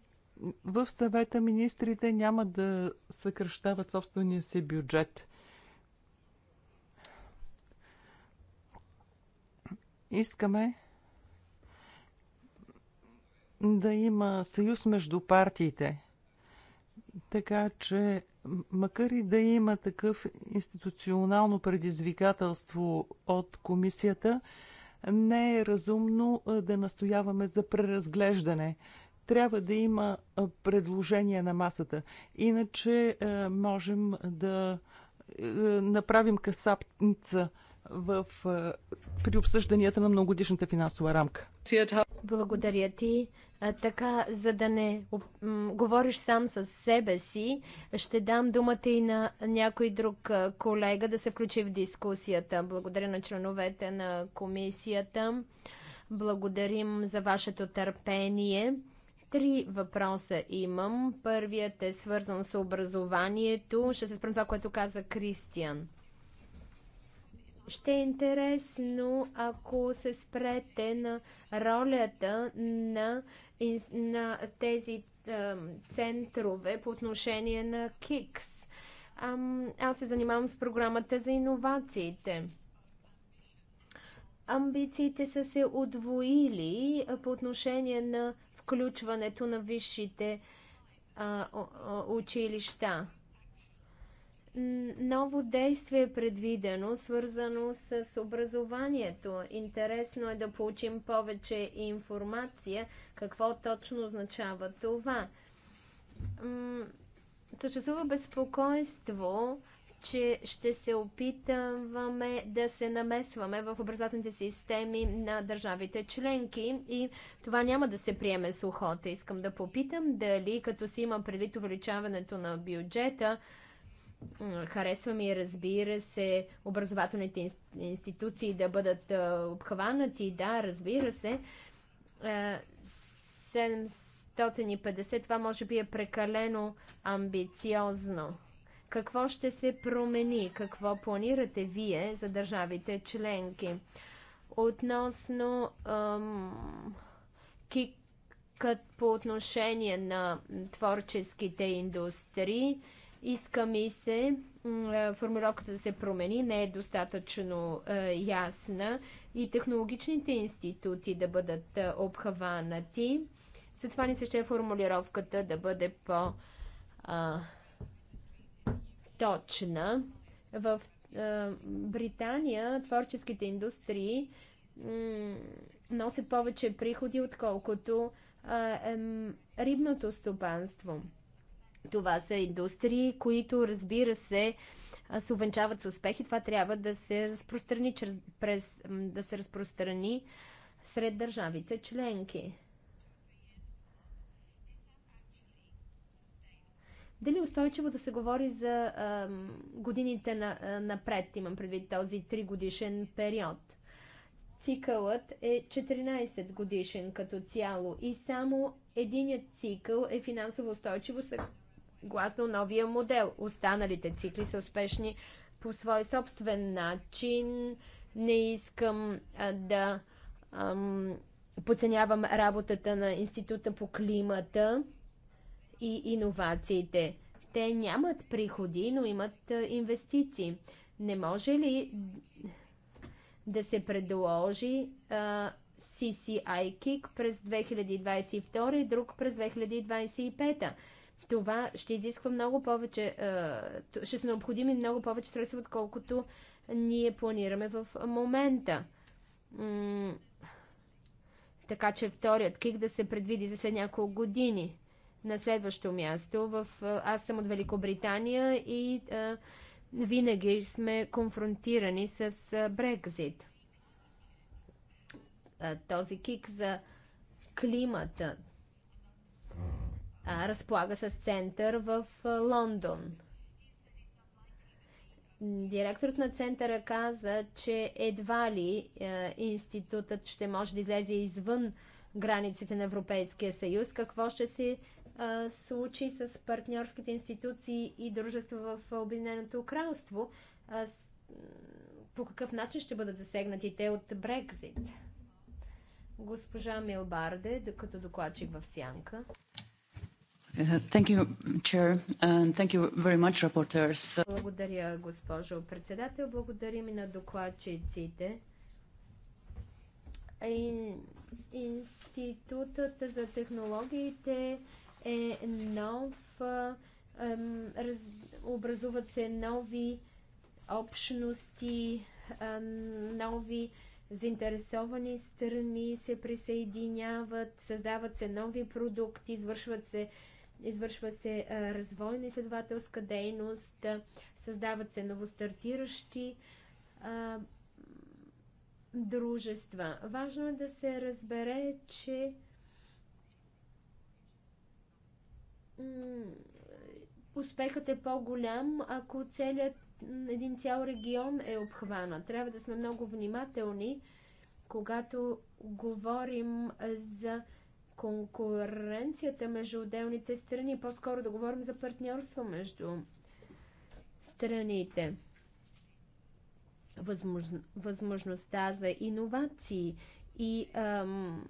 в съвета министрите няма да съкръщават собствения си бюджет. Искаме да има съюз между партиите. Така че, макар и да има такъв институционално предизвикателство от комисията, не е разумно да настояваме за преразглеждане. Трябва да има предложение на масата. Иначе можем да направим касапница – в, при обсъжданията на многодишната финансова рамка. Благодаря ти. Така, за да не говориш сам с себе си, ще дам думата и на някой друг колега да се включи в дискусията. Благодаря на членовете на комисията. Благодарим за вашето търпение. Три въпроса имам. Първият е свързан с образованието. Ще се спрем това, което каза Кристиан. Ще е интересно, ако се спрете на ролята на, на тези центрове по отношение на КИКС. Аз се занимавам с програмата за иновациите. Амбициите са се удвоили по отношение на включването на висшите училища ново действие е предвидено, свързано с образованието. Интересно е да получим повече информация какво точно означава това. Съществува безпокойство, че ще се опитваме да се намесваме в образователните системи на държавите членки и това няма да се приеме с охота. Искам да попитам дали, като се има предвид увеличаването на бюджета, харесва ми, разбира се, образователните институции да бъдат обхванати. Да, разбира се. 750, това може би е прекалено амбициозно. Какво ще се промени? Какво планирате вие за държавите членки? Относно ам, кикът по отношение на творческите индустрии, иска ми се е, формировката да се промени, не е достатъчно е, ясна и технологичните институти да бъдат е, обхванати. Затова ни се ще формулировката да бъде по- точна. В Британия творческите индустрии носят повече приходи, отколкото рибното стопанство. Това са индустрии, които, разбира се, се увенчават с успехи. Това трябва да се разпространи, чрез, през, да се разпространи сред държавите членки. Дали устойчиво да се говори за а, годините на, а, напред, имам предвид този 3 годишен период? Цикълът е 14 годишен като цяло и само единият цикъл е финансово устойчиво Гласно новия модел. Останалите цикли са успешни по свой собствен начин. Не искам а, да ам, подценявам работата на Института по климата и иновациите. Те нямат приходи, но имат а, инвестиции. Не може ли да се предложи а, CCI Kick през 2022 и друг през 2025? това ще изисква много повече, е, ще са необходими много повече средства, отколкото ние планираме в момента. Така че вторият кик да се предвиди за след няколко години. На следващо място, в, е, аз съм от Великобритания и а, е, винаги сме конфронтирани с Брекзит. Този кик за климата, а, разполага с център в Лондон. Директорът на центъра каза, че едва ли а, институтът ще може да излезе извън границите на Европейския съюз. Какво ще се а, случи с партньорските институции и дружества в Обединеното кралство? с, по какъв начин ще бъдат засегнати те от Брекзит? Госпожа Милбарде, докато докладчик в Сянка. You, much, Благодаря, госпожо председател. Благодарим и на докладчиците. Институтът за технологиите е нов, образуват се нови общности, нови заинтересовани страни се присъединяват, създават се нови продукти, извършват се Извършва се развойна изследователска дейност, създават се новостартиращи а, дружества. Важно е да се разбере, че успехът е по-голям, ако целият един цял регион е обхванат. Трябва да сме много внимателни, когато говорим за конкуренцията между отделните страни, по-скоро да говорим за партньорство между страните. Възможно, възможността за иновации и ам,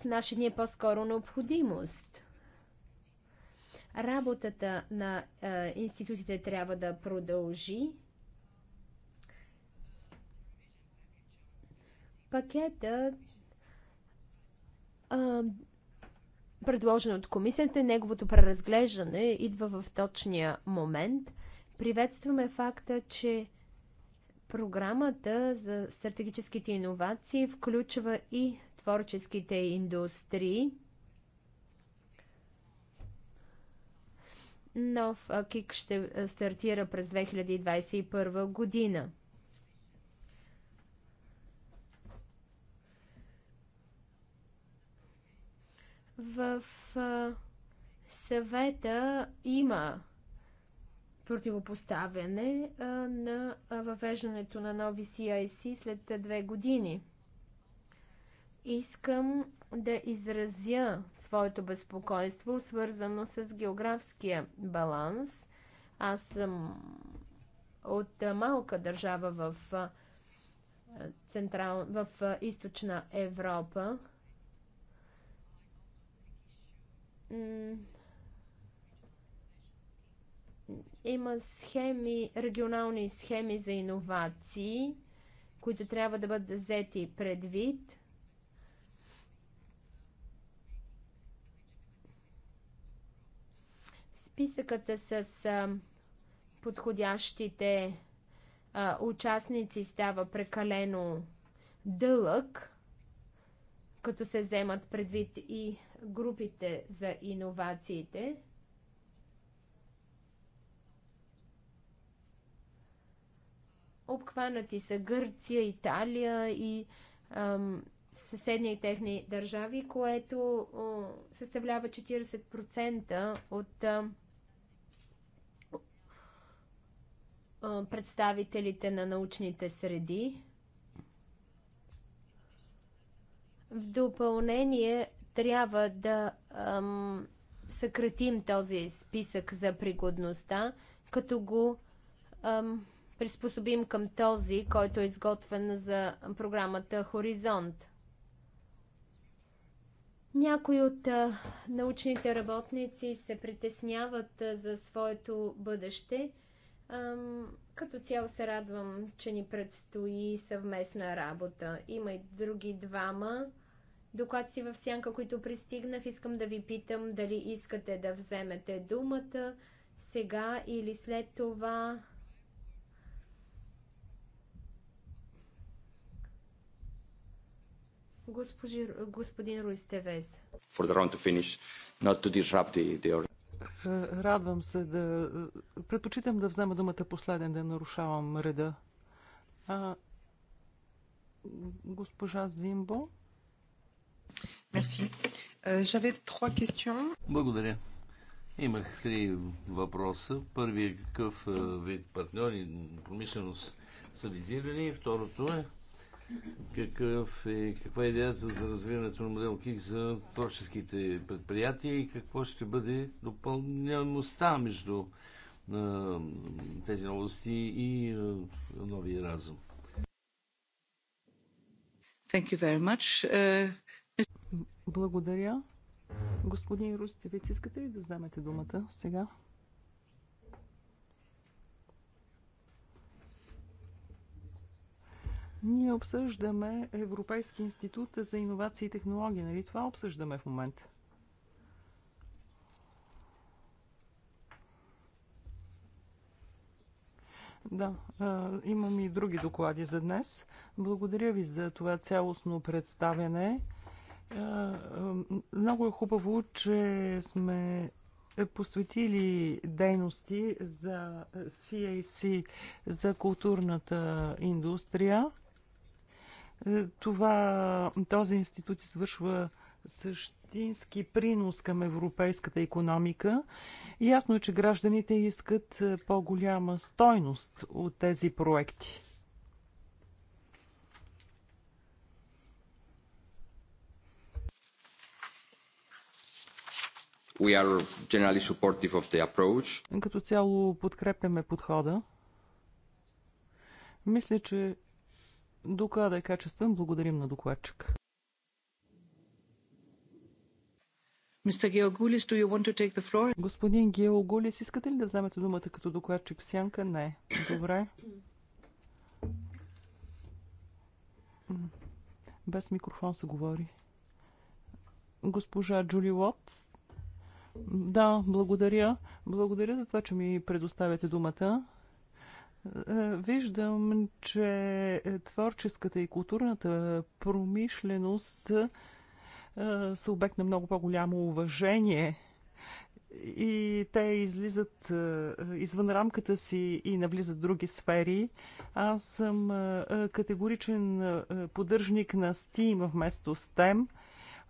в наши дни е по-скоро необходимост. Работата на а, институтите трябва да продължи Пакетът предложен от комисията, неговото преразглеждане идва в точния момент. Приветстваме факта, че програмата за стратегическите иновации включва и творческите индустрии. Нов КИК ще стартира през 2021 година. В съвета има противопоставяне на въвеждането на нови CIC след две години. Искам да изразя своето безпокойство, свързано с географския баланс. Аз съм от малка държава в, централ... в източна Европа. има схеми, регионални схеми за иновации, които трябва да бъдат взети предвид. Списъкът е с а, подходящите а, участници става прекалено дълъг като се вземат предвид и групите за иновациите. Обхванати са Гърция, Италия и ам, съседни и техни държави, което о, съставлява 40% от а, представителите на научните среди. В допълнение трябва да ам, съкратим този списък за пригодността, като го ам, приспособим към този, който е изготвен за програмата Хоризонт. Някои от а, научните работници се притесняват а, за своето бъдеще. като цяло се радвам, че ни предстои съвместна работа. Има и други двама си в сянка, които пристигнах. Искам да ви питам дали искате да вземете думата сега или след това. Госпожи, господин Руистевес. For the round to finish, not to disrupt the, the... Е, радвам се да... Предпочитам да взема думата последен, да нарушавам реда. А, госпожа Зимбо? Мерси. Euh, j'avais trois questions. Благодаря. Имах три въпроса. Първият е какъв е, вид партньори промишленост са визирани. Второто е какъв е, каква е идеята за развиването на модел КИК за творческите предприятия и какво ще бъде допълнеността между а, тези новости и а, новия разум. Thank you very much. Uh... Благодаря. Господин Рустевец, искате ли да вземете думата сега? Ние обсъждаме Европейски институт за иновации и технологии. Нали това обсъждаме в момента? Да, имам и други доклади за днес. Благодаря ви за това цялостно представяне. Много е хубаво, че сме посветили дейности за CAC, за културната индустрия. Е, това, този институт извършва същински принос към европейската економика. Ясно е, че гражданите искат е, по-голяма стойност от тези проекти. We are generally supportive of the approach. Като цяло подкрепяме подхода. Мисля, че доклада е качествен. Благодарим на докладчик. Georgulis, Господин Геогулис, искате ли да вземете думата като докладчик в сянка? Не. Добре. Без микрофон се говори. Госпожа Джули Уотс, да, благодаря. Благодаря за това, че ми предоставяте думата. Е, виждам, че творческата и културната промишленост е, са обект на много по-голямо уважение и те излизат е, извън рамката си и навлизат в други сфери. Аз съм категоричен поддръжник на STEAM вместо STEM –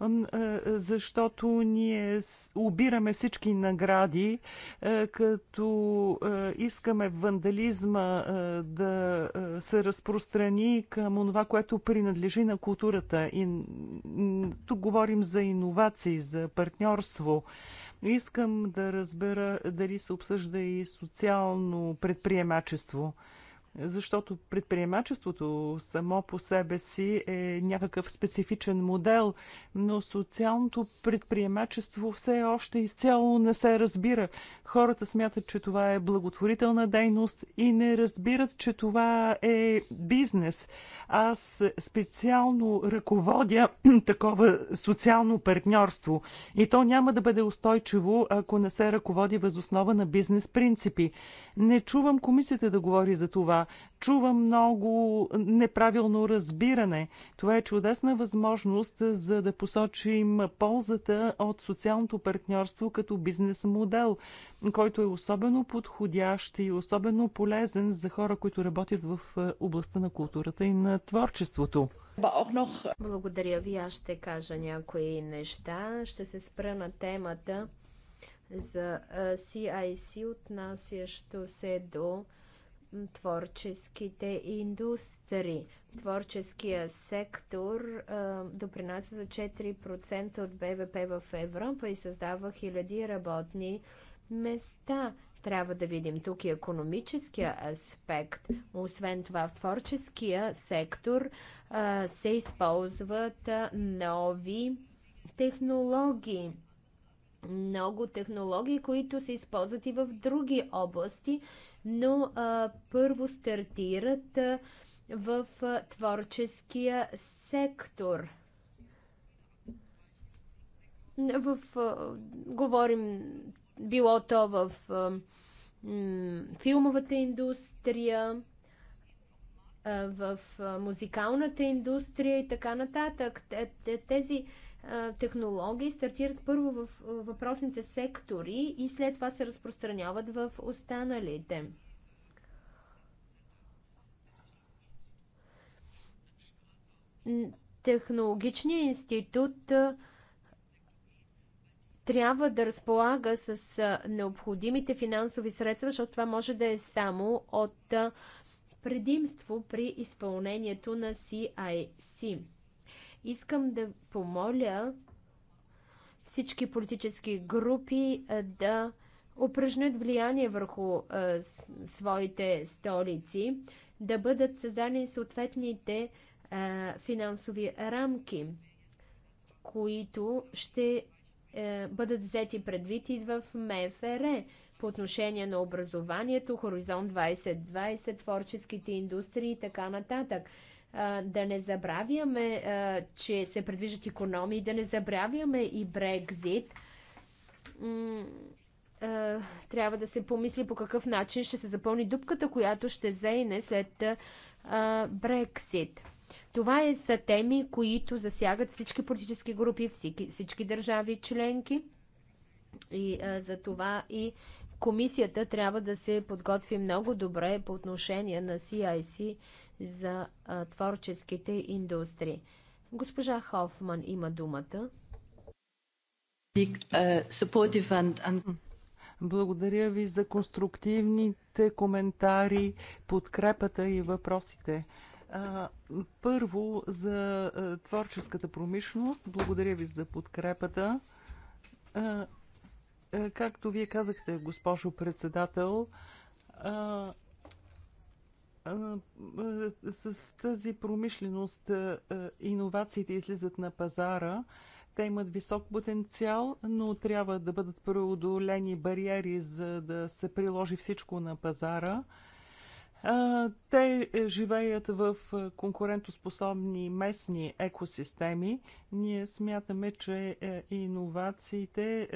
е, защото ние обираме всички награди, е, като е, искаме вандализма да се разпространи към това, което принадлежи на културата. И тук говорим за иновации, за партньорство. Искам да разбера дали се обсъжда и социално предприемачество защото предприемачеството само по себе си е някакъв специфичен модел, но социалното предприемачество все още изцяло не се разбира. Хората смятат, че това е благотворителна дейност и не разбират, че това е бизнес. Аз специално ръководя такова социално партньорство и то няма да бъде устойчиво, ако не се ръководи възоснова на бизнес принципи. Не чувам комисията да говори за това. Чува Чувам много неправилно разбиране. Това е чудесна възможност за да посочим ползата от социалното партньорство като бизнес модел, който е особено подходящ и особено полезен за хора, които работят в е, областта на културата и на творчеството. Благодаря ви, аз ще кажа някои неща. Ще се спра на темата за CIC, е, отнасящо се до творческите индустрии. Творческия сектор а, допринася за 4% от БВП в Европа и създава хиляди работни места. Трябва да видим тук и економическия аспект. Освен това, в творческия сектор а, се използват нови технологии много технологии, които се използват и в други области но а, първо стартират а, в а, творческия сектор. В, а, говорим било то в а, м, филмовата индустрия, в музикалната индустрия и така нататък. Тези технологии стартират първо в въпросните сектори и след това се разпространяват в останалите. Технологичният институт трябва да разполага с необходимите финансови средства, защото това може да е само от предимство при изпълнението на CIC. Искам да помоля всички политически групи да упражнят влияние върху а, своите столици, да бъдат създани съответните а, финансови рамки, които ще а, е, бъдат взети предвид и в МФР по отношение на образованието, Хоризонт 2020, творческите индустрии и така нататък. Да не забравяме, че се предвиждат економии, да не забравяме и Брекзит. Трябва да се помисли по какъв начин ще се запълни дупката, която ще заине след Брексит. Това е са теми, които засягат всички политически групи, всички, всички държави членки. И а, за това и комисията трябва да се подготви много добре по отношение на CIC за а, творческите индустрии. Госпожа Хофман има думата. Благодаря ви за конструктивните коментари, подкрепата и въпросите. Първо за творческата промишленост. Благодаря ви за подкрепата. Е, както вие казахте, госпожо председател, е, с тази промишленост е, иновациите излизат на пазара. Те имат висок потенциал, но трябва да бъдат преодолени бариери, за да се приложи всичко на пазара. Те живеят в конкурентоспособни местни екосистеми. Ние смятаме, че иновациите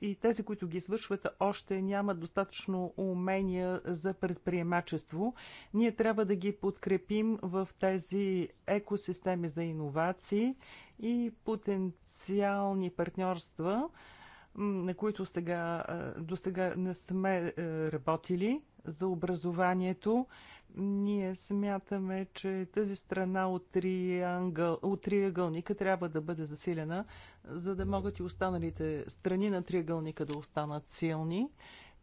и тези, които ги свършват, още нямат достатъчно умения за предприемачество. Ние трябва да ги подкрепим в тези екосистеми за иновации и потенциални партньорства, на които сега, до сега не сме работили за образованието. Ние смятаме, че тази страна от, триангъл, от триъгълника трябва да бъде засилена, за да могат и останалите страни на триъгълника да останат силни.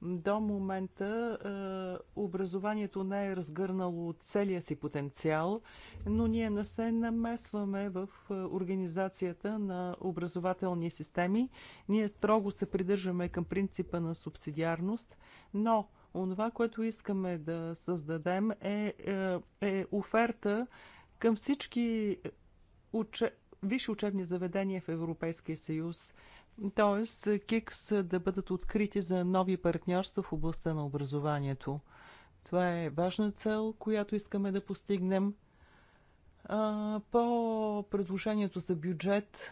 До момента е, образованието не е разгърнало целия си потенциал, но ние не се намесваме в е, организацията на образователни системи. Ние строго се придържаме към принципа на субсидиарност, но Онова, което искаме да създадем е, е, е оферта към всички уче... висши учебни заведения в Европейския съюз. т.е. КИКС да бъдат открити за нови партньорства в областта на образованието. Това е важна цел, която искаме да постигнем. А, по предложението за бюджет,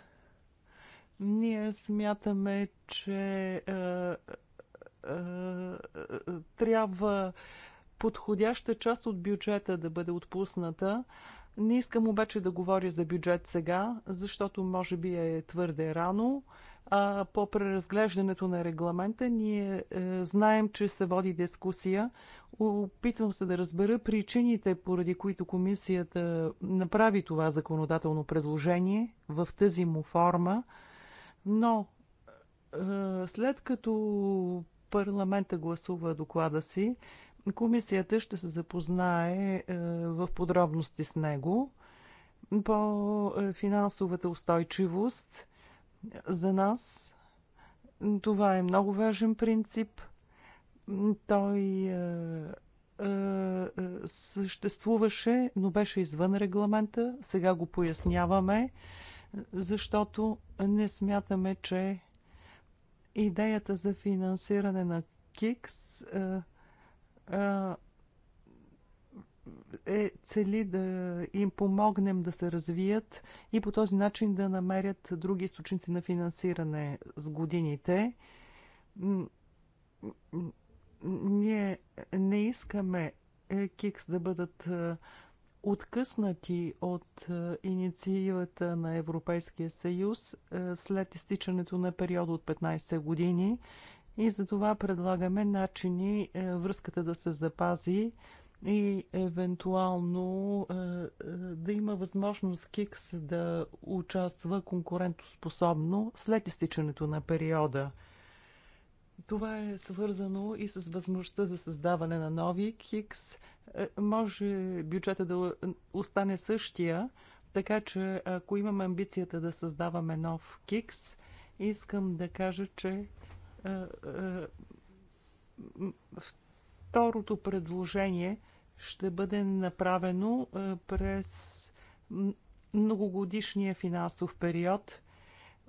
ние смятаме, че а, е, е, е, е, трябва подходяща част от бюджета да бъде отпусната. Не искам обаче да говоря за бюджет сега, защото може би е твърде рано. А по преразглеждането на регламента ние е, знаем, че се води дискусия. Опитвам се да разбера причините, поради които комисията направи това законодателно предложение в тази му форма. Но е, след като парламента гласува доклада си, комисията ще се запознае е, в подробности с него. По е, финансовата устойчивост за нас това е много важен принцип. Той е, съществуваше, но беше извън регламента. Сега го поясняваме, защото не смятаме, че идеята за финансиране на КИКС е, е, е, цели да им помогнем да се развият и по този начин да намерят други източници на финансиране с годините. Ние не искаме е, КИКС да бъдат откъснати от е, инициативата на Европейския съюз е, след изтичането на периода от 15 години и за това предлагаме начини е, връзката да се запази и евентуално да има възможност КИКС да участва конкурентоспособно след изтичането на периода. Това е свързано и с възможността за създаване на нови КИКС – може бюджета да остане същия, така че ако имаме амбицията да създаваме нов КИКС, искам да кажа, че е, е, второто предложение ще бъде направено е, през многогодишния финансов период,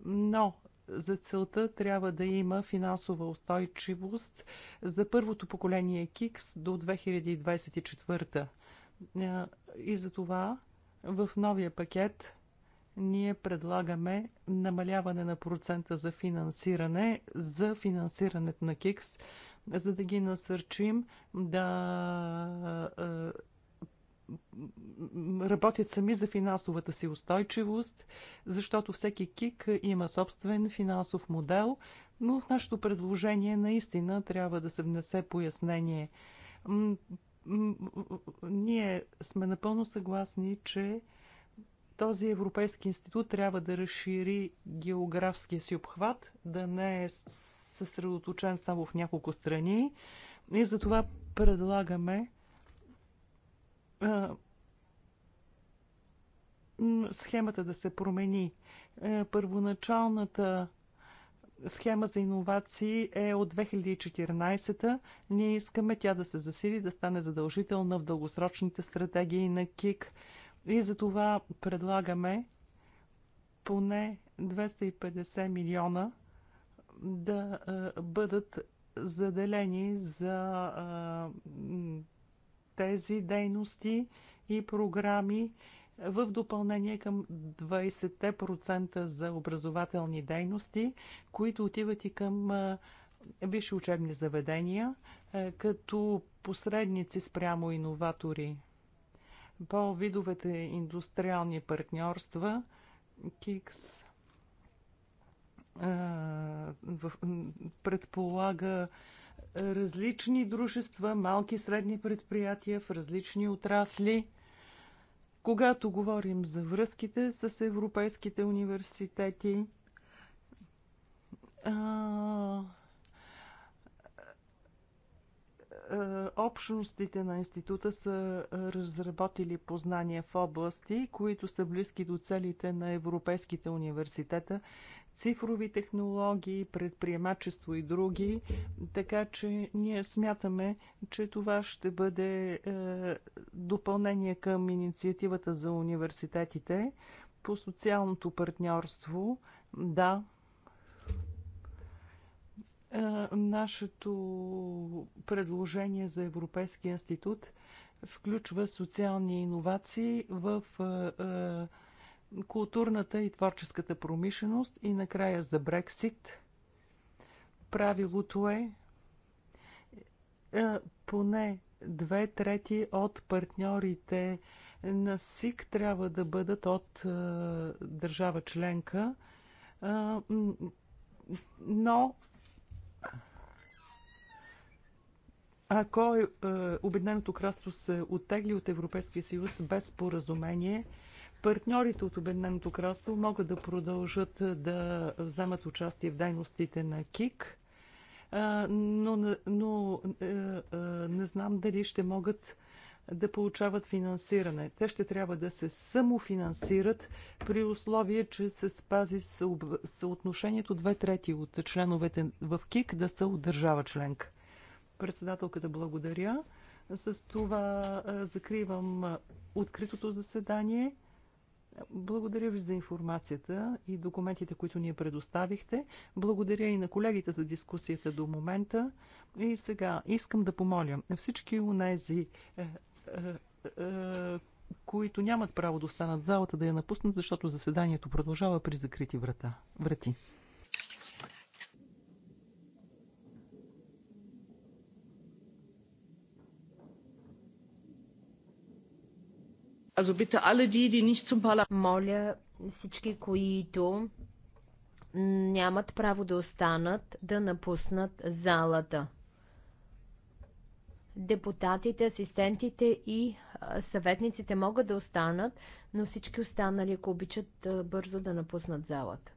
но за целта трябва да има финансова устойчивост за първото поколение КИКС до 2024. Е, и за това в новия пакет ние предлагаме намаляване на процента за финансиране за финансирането на КИКС, за да ги насърчим да е, работят сами за финансовата си устойчивост, защото всеки КИК има собствен финансов модел, но в нашето предложение наистина трябва да се внесе пояснение. Ние сме напълно съгласни, че този Европейски институт трябва да разшири географския си обхват, да не е съсредоточен само в няколко страни. И затова предлагаме схемата да се промени. Е, първоначалната схема за иновации е от 2014-та. Ние искаме тя да се засили, да стане задължителна в дългосрочните стратегии на КИК. И за това предлагаме поне 250 милиона да е, бъдат заделени за е, тези дейности и програми в допълнение към 20% за образователни дейности, които отиват и към висши учебни заведения, като посредници спрямо иноватори. По видовете индустриални партньорства, КИКС предполага различни дружества, малки и средни предприятия в различни отрасли. Когато говорим за връзките с европейските университети, общностите на института са разработили познания в области, които са близки до целите на европейските университета цифрови технологии, предприемачество и други. Така че ние смятаме, че това ще бъде е, допълнение към инициативата за университетите по социалното партньорство. Да, е, нашето предложение за Европейския институт включва социални иновации в е, е, културната и творческата промишленост и накрая за Брексит. Правилото е, е поне две трети от партньорите на СИК трябва да бъдат от е, държава членка, е, но ако е, Обединеното кралство се оттегли от Европейския съюз без споразумение, Партньорите от Обедненото кралство могат да продължат да вземат участие в дейностите на КИК, но, но е, е, не знам дали ще могат да получават финансиране. Те ще трябва да се самофинансират при условие, че се спази съотношението две трети от членовете в КИК да са от държава членка. Председателката благодаря. С това закривам откритото заседание. Благодаря ви за информацията и документите, които ни предоставихте. Благодаря и на колегите за дискусията до момента. И сега искам да помоля всички унези, е, е, е, които нямат право да останат в залата, да я напуснат, защото заседанието продължава при закрити врата. врати. Моля всички, които нямат право да останат, да напуснат залата. Депутатите, асистентите и съветниците могат да останат, но всички останали, ако обичат, бързо да напуснат залата.